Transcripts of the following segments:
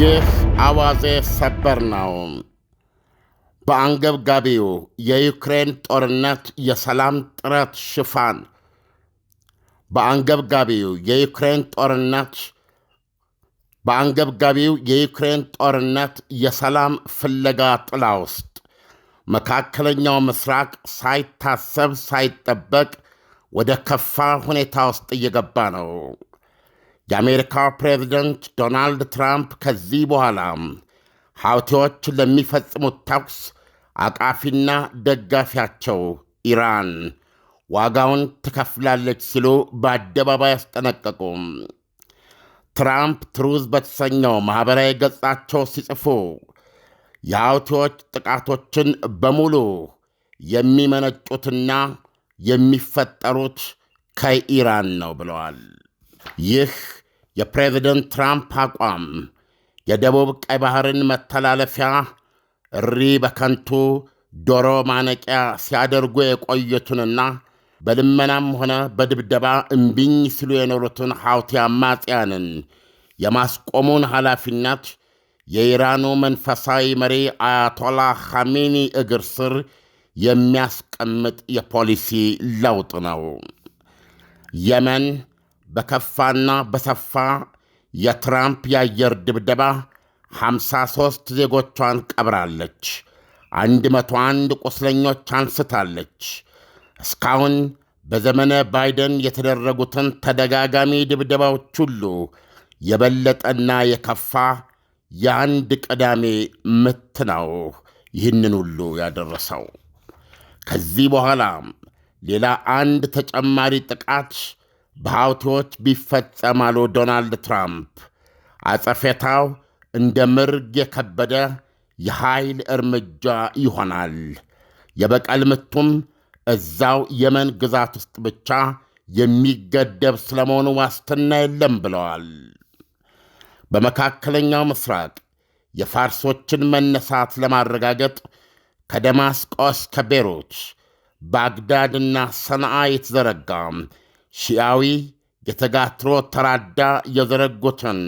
ይህ አዋዜ ሰበር ነው። በአንገብጋቢው የዩክሬን ጦርነት የሰላም ጥረት ሽፋን በአንገብጋቢው የዩክሬን ጦርነት በአንገብጋቢው የዩክሬን ጦርነት የሰላም ፍለጋ ጥላ ውስጥ መካከለኛው ምስራቅ ሳይታሰብ ሳይጠበቅ ወደ ከፋ ሁኔታ ውስጥ እየገባ ነው። የአሜሪካው ፕሬዝደንት ዶናልድ ትራምፕ ከዚህ በኋላ ሐውቲዎች ለሚፈጽሙት ተኩስ አቃፊና ደጋፊያቸው ኢራን ዋጋውን ትከፍላለች ሲሉ በአደባባይ አስጠነቀቁ። ትራምፕ ትሩዝ በተሰኘው ማኅበራዊ ገጻቸው ሲጽፉ የሐውቲዎች ጥቃቶችን በሙሉ የሚመነጩትና የሚፈጠሩት ከኢራን ነው ብለዋል። ይህ የፕሬዝደንት ትራምፕ አቋም የደቡብ ቀይ ባህርን መተላለፊያ እሪ በከንቱ ዶሮ ማነቂያ ሲያደርጉ የቆዩትንና በልመናም ሆነ በድብደባ እምቢኝ ሲሉ የኖሩትን ሐውቲ አማጽያንን የማስቆሙን ኃላፊነት የኢራኑ መንፈሳዊ መሪ አያቶላ ኻሜኒ እግር ስር የሚያስቀምጥ የፖሊሲ ለውጥ ነው። የመን በከፋና በሰፋ የትራምፕ የአየር ድብደባ 53 ዜጎቿን ቀብራለች፣ 101 ቁስለኞች አንስታለች። እስካሁን በዘመነ ባይደን የተደረጉትን ተደጋጋሚ ድብደባዎች ሁሉ የበለጠና የከፋ የአንድ ቅዳሜ ምት ነው ይህንን ሁሉ ያደረሰው። ከዚህ በኋላ ሌላ አንድ ተጨማሪ ጥቃት በሐውቲዎች ቢፈጸም አሉ ዶናልድ ትራምፕ፣ አጸፌታው እንደ ምርግ የከበደ የኃይል እርምጃ ይሆናል። የበቀል ምቱም እዛው የመን ግዛት ውስጥ ብቻ የሚገደብ ስለመሆኑ ዋስትና የለም ብለዋል። በመካከለኛው ምስራቅ የፋርሶችን መነሳት ለማረጋገጥ ከደማስቆስ ከቤሩት ባግዳድና ሰንዓ የተዘረጋ ሺያዊ የተጋትሮ ተራዳ የዘረጉትን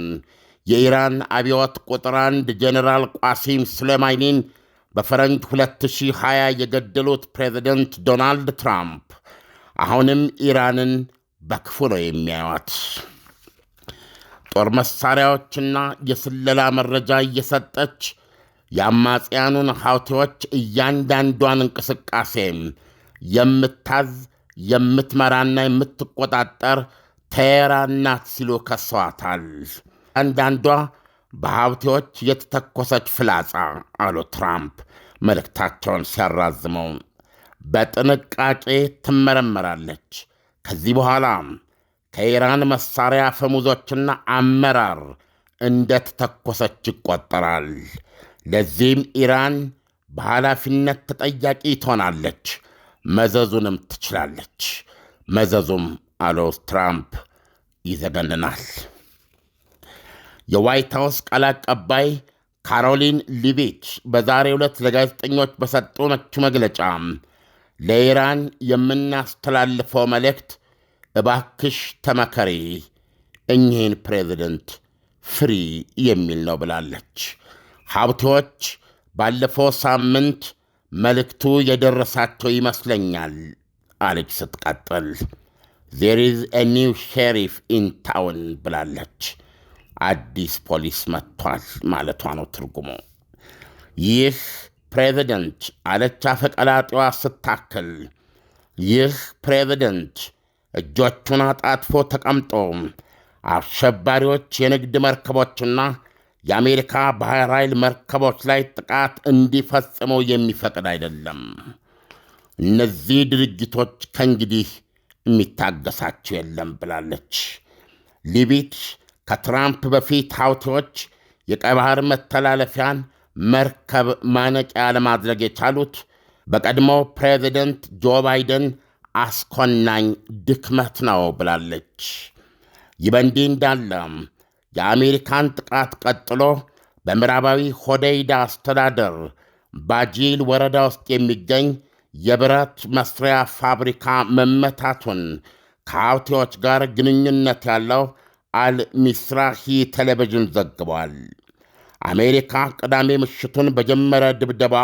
የኢራን አብዮት ቁጥር አንድ ጄኔራል ቋሲም ስሌማኒን በፈረንጅ 2020 የገደሉት ፕሬዚደንት ዶናልድ ትራምፕ አሁንም ኢራንን በክፉ ነው የሚያዩት። ጦር መሳሪያዎችና የስለላ መረጃ እየሰጠች የአማጽያኑን ሐውቲዎች እያንዳንዷን እንቅስቃሴ የምታዝ የምትመራና የምትቆጣጠር ቴህራን ናት ሲሉ ከሰዋታል። አንዳንዷ በሀብቴዎች የተተኮሰች ፍላጻ አሉ ትራምፕ መልእክታቸውን ሲያራዝመው። በጥንቃቄ ትመረመራለች። ከዚህ በኋላ ከኢራን መሳሪያ ፈሙዞችና አመራር እንደተተኮሰች ይቆጠራል። ለዚህም ኢራን በኃላፊነት ተጠያቂ ትሆናለች። መዘዙንም ትችላለች። መዘዙም አሉ ትራምፕ ይዘገንናል። የዋይት ሃውስ ቃል አቀባይ ካሮሊን ሊቪች በዛሬ ዕለት ለጋዜጠኞች በሰጡት መግለጫ ለኢራን የምናስተላልፈው መልእክት እባክሽ ተመከሪ፣ እኚህን ፕሬዚደንት ፍሪ የሚል ነው ብላለች። ሀብቴዎች ባለፈው ሳምንት መልእክቱ የደረሳቸው ይመስለኛል አለች ስትቀጥል። ዜር ኢዝ ኤ ኒው ሼሪፍ ኢን ታውን ብላለች። አዲስ ፖሊስ መጥቷል ማለቷ ነው ትርጉሙ። ይህ ፕሬዚደንት አለች አፈቀላጤዋ ስታክል፣ ይህ ፕሬዚደንት እጆቹን አጣጥፎ ተቀምጦ አሸባሪዎች የንግድ መርከቦችና የአሜሪካ ባህር ኃይል መርከቦች ላይ ጥቃት እንዲፈጽመው የሚፈቅድ አይደለም። እነዚህ ድርጅቶች ከእንግዲህ የሚታገሳቸው የለም ብላለች። ሊቢት ከትራምፕ በፊት ሀውቲዎች የቀይ ባህር መተላለፊያን መርከብ ማነቂያ ለማድረግ የቻሉት በቀድሞ ፕሬዚደንት ጆ ባይደን አስኮናኝ ድክመት ነው ብላለች። ይህ በእንዲህ የአሜሪካን ጥቃት ቀጥሎ በምዕራባዊ ሆደይዳ አስተዳደር ባጂል ወረዳ ውስጥ የሚገኝ የብረት መስሪያ ፋብሪካ መመታቱን ከሀውቲዎች ጋር ግንኙነት ያለው አልሚስራሂ ቴሌቪዥን ዘግቧል። አሜሪካ ቅዳሜ ምሽቱን በጀመረ ድብደባ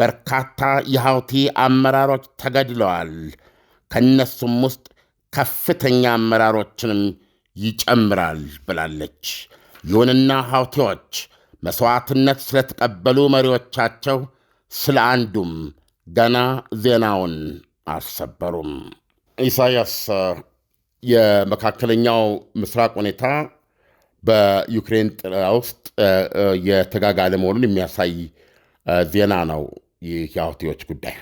በርካታ የሐውቲ አመራሮች ተገድለዋል። ከእነሱም ውስጥ ከፍተኛ አመራሮችንም ይጨምራል ብላለች። ይሁንና ሐውቴዎች መሥዋዕትነት ስለተቀበሉ መሪዎቻቸው ስለ አንዱም ገና ዜናውን አልሰበሩም። ኢሳያስ፣ የመካከለኛው ምስራቅ ሁኔታ በዩክሬን ጥላ ውስጥ የተጋጋለ መሆኑን የሚያሳይ ዜና ነው ይህ የሐውቲዎች ጉዳይ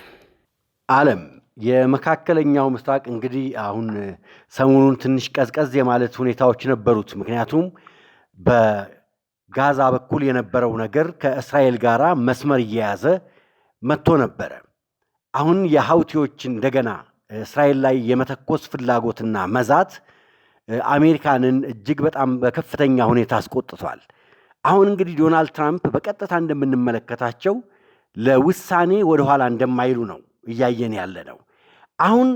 ዓለም የመካከለኛው ምስራቅ እንግዲህ አሁን ሰሞኑን ትንሽ ቀዝቀዝ የማለት ሁኔታዎች ነበሩት። ምክንያቱም በጋዛ በኩል የነበረው ነገር ከእስራኤል ጋር መስመር እየያዘ መጥቶ ነበረ። አሁን የሀውቲዎች እንደገና እስራኤል ላይ የመተኮስ ፍላጎትና መዛት አሜሪካንን እጅግ በጣም በከፍተኛ ሁኔታ አስቆጥቷል። አሁን እንግዲህ ዶናልድ ትራምፕ በቀጥታ እንደምንመለከታቸው ለውሳኔ ወደኋላ እንደማይሉ ነው እያየን ያለ ነው። አሁን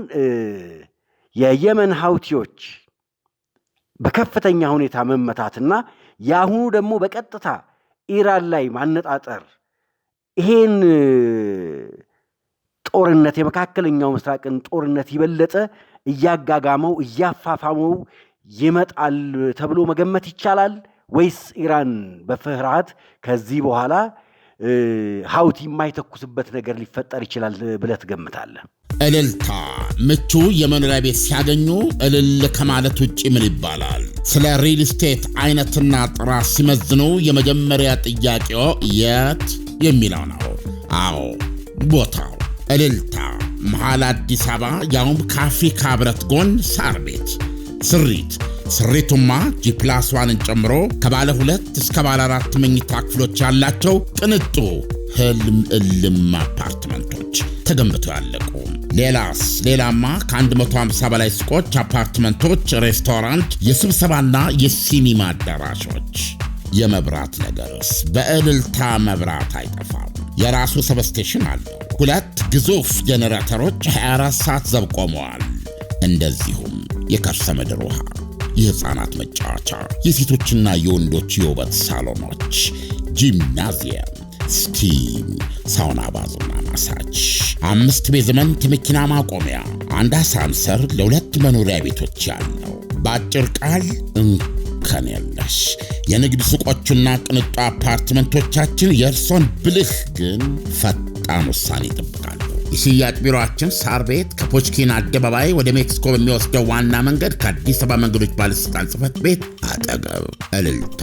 የየመን ሀውቲዎች በከፍተኛ ሁኔታ መመታትና የአሁኑ ደግሞ በቀጥታ ኢራን ላይ ማነጣጠር ይሄን ጦርነት የመካከለኛው ምስራቅን ጦርነት ይበለጠ እያጋጋመው እያፋፋመው ይመጣል ተብሎ መገመት ይቻላል ወይስ ኢራን በፍርሃት ከዚህ በኋላ ሀውት የማይተኩስበት ነገር ሊፈጠር ይችላል ብለህ ትገምታለህ? እልልታ ምቹ የመኖሪያ ቤት ሲያገኙ እልል ከማለት ውጭ ምን ይባላል? ስለ ሪል ስቴት አይነትና ጥራት ሲመዝኑ የመጀመሪያ ጥያቄው የት የሚለው ነው። አዎ ቦታው እልልታ መሃል አዲስ አበባ፣ ያውም ከአፍሪካ ህብረት ጎን ሳር ቤት ስሪት ስሪቱማ ጂፕላስዋንን ጨምሮ ከባለ ሁለት እስከ ባለ አራት መኝታ ክፍሎች ያላቸው ቅንጡ ህልም እልም አፓርትመንቶች ተገንብተው ያለቁ። ሌላስ ሌላማ ከ150 በላይ ሱቆች፣ አፓርትመንቶች፣ ሬስቶራንት፣ የስብሰባና የሲኒማ አዳራሾች። የመብራት ነገርስ በእልልታ መብራት አይጠፋም። የራሱ ሰብስቴሽን አለው። ሁለት ግዙፍ ጄኔሬተሮች 24 ሰዓት ዘብ ቆመዋል። እንደዚሁም የከርሰ ምድር ውሃ፣ የህፃናት መጫወቻ፣ የሴቶችና የወንዶች የውበት ሳሎኖች፣ ጂምናዚየም፣ ስቲም፣ ሳውና፣ ባዝና ማሳጅ፣ አምስት ቤዝመንት መኪና ማቆሚያ፣ አንድ አሳንሰር ለሁለት መኖሪያ ቤቶች ያለው በአጭር ቃል እንከን የለሽ የንግድ ሱቆቹና ቅንጡ አፓርትመንቶቻችን የእርሶን ብልህ ግን ፈጣን ውሳኔ ይጠብቃል። የሽያጭ ቢሮችን ሳር ቤት ከፖችኪን አደባባይ ወደ ሜክሲኮ በሚወስደው ዋና መንገድ ከአዲስ አበባ መንገዶች ባለሥልጣን ጽፈት ቤት አጠገብ። እልልታ፣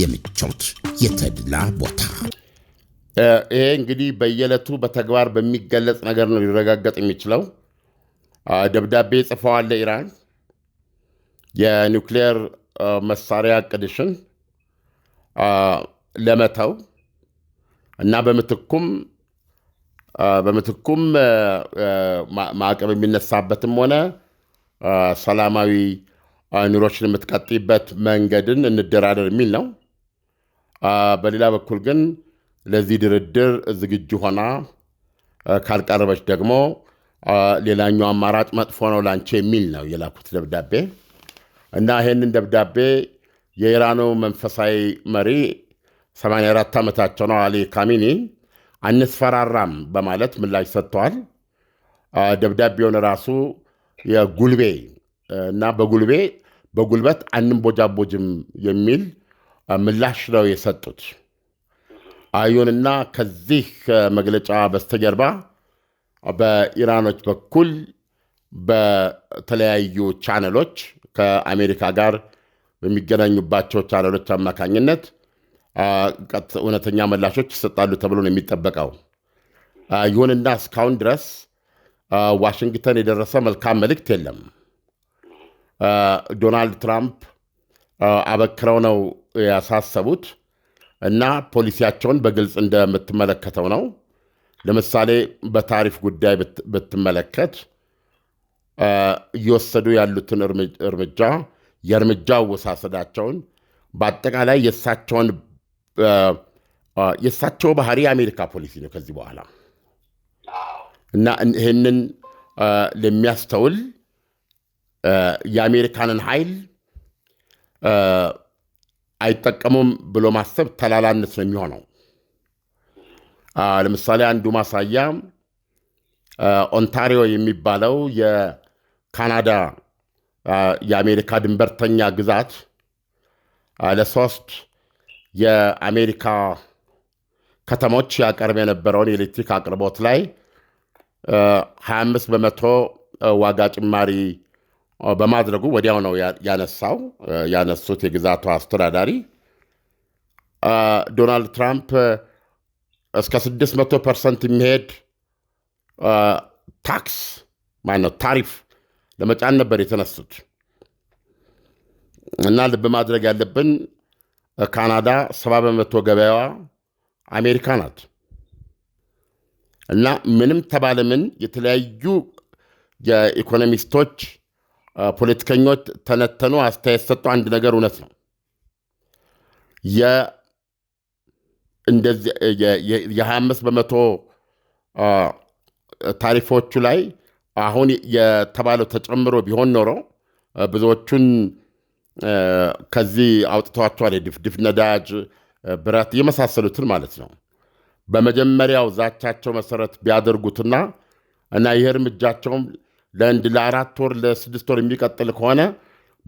የምቾት የተድላ ቦታ። ይሄ እንግዲህ በየዕለቱ በተግባር በሚገለጽ ነገር ነው ሊረጋገጥ የሚችለው። ደብዳቤ ጽፈዋል ለኢራን የኒውክሌር መሳሪያ ቅድሽን ለመተው እና በምትኩም በምትኩም ማዕቀብ የሚነሳበትም ሆነ ሰላማዊ ኑሮችን የምትቀጥይበት መንገድን እንደራደር የሚል ነው። በሌላ በኩል ግን ለዚህ ድርድር ዝግጁ ሆና ካልቀረበች ደግሞ ሌላኛው አማራጭ መጥፎ ነው ላንቺ የሚል ነው የላኩት ደብዳቤ እና ይህንን ደብዳቤ የኢራኑ መንፈሳዊ መሪ 84 ዓመታቸው ነው አሊ ካሚኒ አንስፈራራም በማለት ምላሽ ሰጥተዋል። ደብዳቤውን ራሱ የጉልቤ እና በጉልቤ በጉልበት አንንቦጃቦጅም የሚል ምላሽ ነው የሰጡት። አዩንና ከዚህ መግለጫ በስተጀርባ በኢራኖች በኩል በተለያዩ ቻነሎች ከአሜሪካ ጋር በሚገናኙባቸው ቻነሎች አማካኝነት እውነተኛ ምላሾች ይሰጣሉ ተብሎ ነው የሚጠበቀው። ይሁንና እስካሁን ድረስ ዋሽንግተን የደረሰ መልካም መልእክት የለም። ዶናልድ ትራምፕ አበክረው ነው ያሳሰቡት እና ፖሊሲያቸውን በግልጽ እንደምትመለከተው ነው። ለምሳሌ በታሪፍ ጉዳይ ብትመለከት እየወሰዱ ያሉትን እርምጃ የእርምጃ አወሳሰዳቸውን በአጠቃላይ የእሳቸውን የእሳቸው ባህሪ የአሜሪካ ፖሊሲ ነው ከዚህ በኋላ እና ይህንን ለሚያስተውል የአሜሪካንን ኃይል አይጠቀሙም ብሎ ማሰብ ተላላነት ነው የሚሆነው። ለምሳሌ አንዱ ማሳያ ኦንታሪዮ የሚባለው የካናዳ የአሜሪካ ድንበርተኛ ግዛት ለሶስት የአሜሪካ ከተሞች ያቀርብ የነበረውን የኤሌክትሪክ አቅርቦት ላይ 25 በመቶ ዋጋ ጭማሪ በማድረጉ ወዲያው ነው ያነሳው ያነሱት የግዛቱ አስተዳዳሪ ዶናልድ ትራምፕ እስከ 600 ፐርሰንት የሚሄድ ታክስ ማነው ታሪፍ ለመጫን ነበር የተነሱት እና ልብ ማድረግ ያለብን ካናዳ ሰባ በመቶ ገበያዋ አሜሪካ ናት እና ምንም ተባለ ምን የተለያዩ የኢኮኖሚስቶች፣ ፖለቲከኞች ተነተኑ፣ አስተያየት ሰጡ። አንድ ነገር እውነት ነው። የ25 በመቶ ታሪፎቹ ላይ አሁን የተባለው ተጨምሮ ቢሆን ኖሮ ብዙዎቹን ከዚህ አውጥተዋቸዋል። የድፍድፍ ነዳጅ፣ ብረት የመሳሰሉትን ማለት ነው። በመጀመሪያው ዛቻቸው መሰረት ቢያደርጉትና እና ይህ እርምጃቸውም ለአንድ ለአራት ወር ለስድስት ወር የሚቀጥል ከሆነ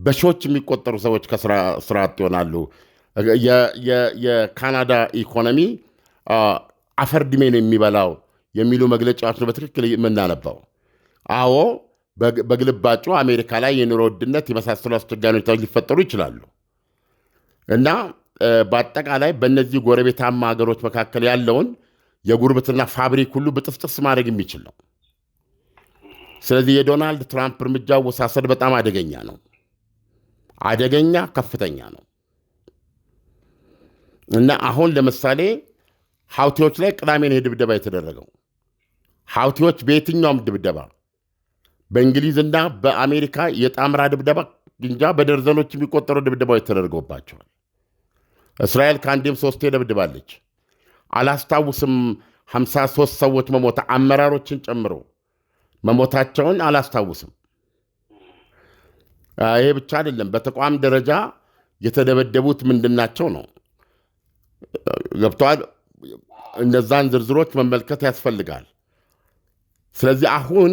በሺዎች የሚቆጠሩ ሰዎች ከስራ አጥ ይሆናሉ። የካናዳ ኢኮኖሚ አፈር ድሜ ነው የሚበላው የሚሉ መግለጫዎች ነው በትክክል የምናነባው። አዎ በግልባጩ አሜሪካ ላይ የኑሮ ውድነት የመሳሰሉ አስቸጋሪ ሁኔታዎች ሊፈጠሩ ይችላሉ እና በአጠቃላይ በእነዚህ ጎረቤታማ ሀገሮች መካከል ያለውን የጉርብትና ፋብሪክ ሁሉ ብጥፍጥስ ማድረግ የሚችል ነው። ስለዚህ የዶናልድ ትራምፕ እርምጃ ወሳሰድ በጣም አደገኛ ነው። አደገኛ ከፍተኛ ነው እና አሁን ለምሳሌ ሀውቲዎች ላይ ቅዳሜ ነው የድብደባ የተደረገው። ሀውቲዎች በየትኛውም ድብደባ በእንግሊዝና በአሜሪካ የጣምራ ድብደባ ግንጃ በደርዘኖች የሚቆጠሩ ድብደባዎች ተደርገባቸዋል። እስራኤል ከአንዴም ሶስቴ ደብድባለች። አላስታውስም 53 ሰዎች መሞታ አመራሮችን ጨምሮ መሞታቸውን አላስታውስም። ይሄ ብቻ አይደለም። በተቋም ደረጃ የተደበደቡት ምንድናቸው ነው ገብተዋል። እነዛን ዝርዝሮች መመልከት ያስፈልጋል። ስለዚህ አሁን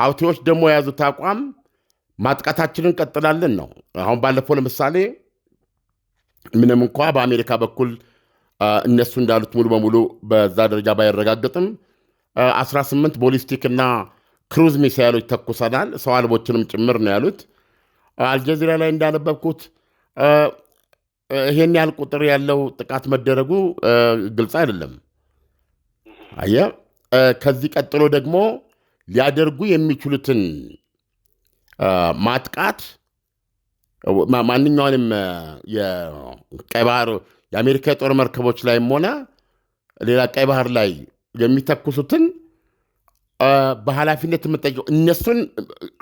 ሀውቲዎች ደግሞ የያዙት አቋም ማጥቃታችንን እንቀጥላለን ነው። አሁን ባለፈው ለምሳሌ ምንም እንኳ በአሜሪካ በኩል እነሱ እንዳሉት ሙሉ በሙሉ በዛ ደረጃ ባይረጋገጥም 18 ቦሊስቲክ እና ክሩዝ ሚሳይሎች ተኩሰናል፣ ሰው አልቦችንም ጭምር ነው ያሉት። አልጀዚራ ላይ እንዳነበብኩት ይሄን ያህል ቁጥር ያለው ጥቃት መደረጉ ግልጽ አይደለም። አየ ከዚህ ቀጥሎ ደግሞ ሊያደርጉ የሚችሉትን ማጥቃት ማንኛውንም የቀይ ባህር የአሜሪካ የጦር መርከቦች ላይም ሆነ ሌላ ቀይ ባህር ላይ የሚተኩሱትን በኃላፊነት የምንጠይቀው እነሱን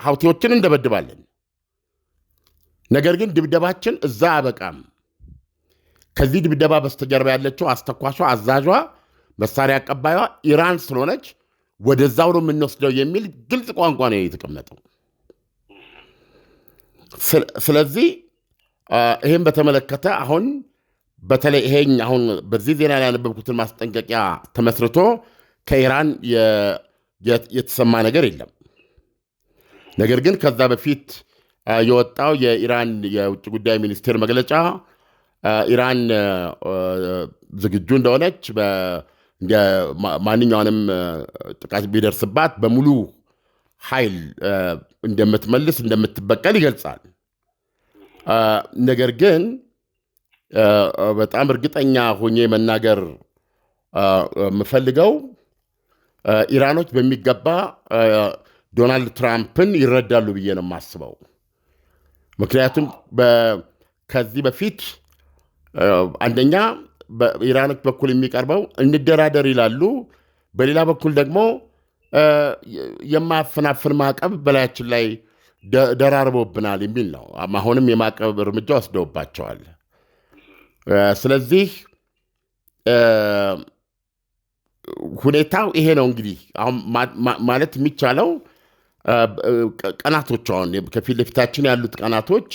ሀውቴዎችን እንደበድባለን። ነገር ግን ድብደባችን እዛ አበቃም። ከዚህ ድብደባ በስተጀርባ ያለችው አስተኳሿ፣ አዛዧ፣ መሳሪያ አቀባይዋ ኢራን ስለሆነች ወደዛው ነው የምንወስደው የሚል ግልጽ ቋንቋ ነው የተቀመጠው። ስለዚህ ይህም በተመለከተ አሁን በተለይ ይሄኝ አሁን በዚህ ዜና ላይ ያነበብኩትን ማስጠንቀቂያ ተመስርቶ ከኢራን የተሰማ ነገር የለም። ነገር ግን ከዛ በፊት የወጣው የኢራን የውጭ ጉዳይ ሚኒስቴር መግለጫ ኢራን ዝግጁ እንደሆነች ማንኛውንም ጥቃት ቢደርስባት በሙሉ ኃይል እንደምትመልስ እንደምትበቀል ይገልጻል። ነገር ግን በጣም እርግጠኛ ሆኜ መናገር የምፈልገው ኢራኖች በሚገባ ዶናልድ ትራምፕን ይረዳሉ ብዬ ነው የማስበው። ምክንያቱም ከዚህ በፊት አንደኛ በኢራን በኩል የሚቀርበው እንደራደር ይላሉ። በሌላ በኩል ደግሞ የማያፈናፍን ማዕቀብ በላያችን ላይ ደራርቦብናል የሚል ነው። አሁንም የማዕቀብ እርምጃ ወስደውባቸዋል። ስለዚህ ሁኔታው ይሄ ነው። እንግዲህ አሁን ማለት የሚቻለው ቀናቶች አሁን ከፊት ለፊታችን ያሉት ቀናቶች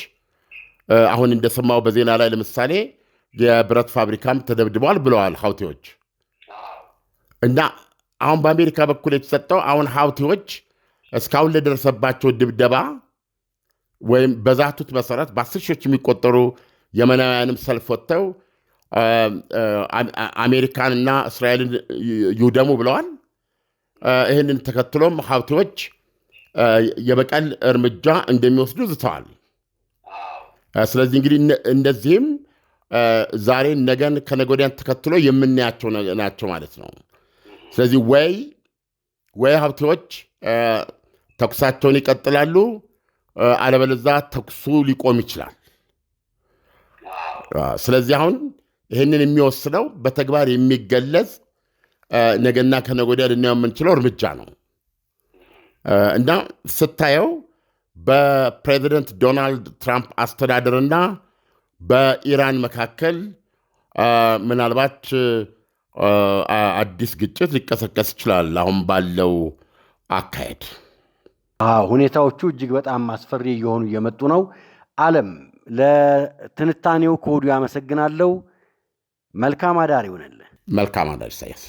አሁን እንደሰማው በዜና ላይ ለምሳሌ የብረት ፋብሪካም ተደብድበዋል ብለዋል ሀውቲዎች እና አሁን በአሜሪካ በኩል የተሰጠው አሁን ሀውቲዎች እስካሁን ለደረሰባቸው ድብደባ ወይም በዛቱት መሰረት በአስር ሺዎች የሚቆጠሩ የመናውያንም ሰልፍ ወጥተው አሜሪካንና እስራኤልን ይውደሙ ብለዋል። ይህንን ተከትሎም ሀውቲዎች የበቀል እርምጃ እንደሚወስዱ ዝተዋል። ስለዚህ እንግዲህ እነዚህም ዛሬን፣ ነገን፣ ከነጎዳያን ተከትሎ የምናያቸው ናቸው ማለት ነው። ስለዚህ ወይ ወይ ሀብቴዎች ተኩሳቸውን ይቀጥላሉ፣ አለበለዛ ተኩሱ ሊቆም ይችላል። ስለዚህ አሁን ይህንን የሚወስነው በተግባር የሚገለጽ ነገና ከነጎዳ ልናየው የምንችለው እርምጃ ነው እና ስታየው በፕሬዚደንት ዶናልድ ትራምፕ አስተዳደርና በኢራን መካከል ምናልባት አዲስ ግጭት ሊቀሰቀስ ይችላል። አሁን ባለው አካሄድ ሁኔታዎቹ እጅግ በጣም አስፈሪ እየሆኑ እየመጡ ነው። ዓለም ለትንታኔው ከወዲሁ አመሰግናለሁ። መልካም አዳር ይሆነልን። መልካም አዳር ይሳያስ።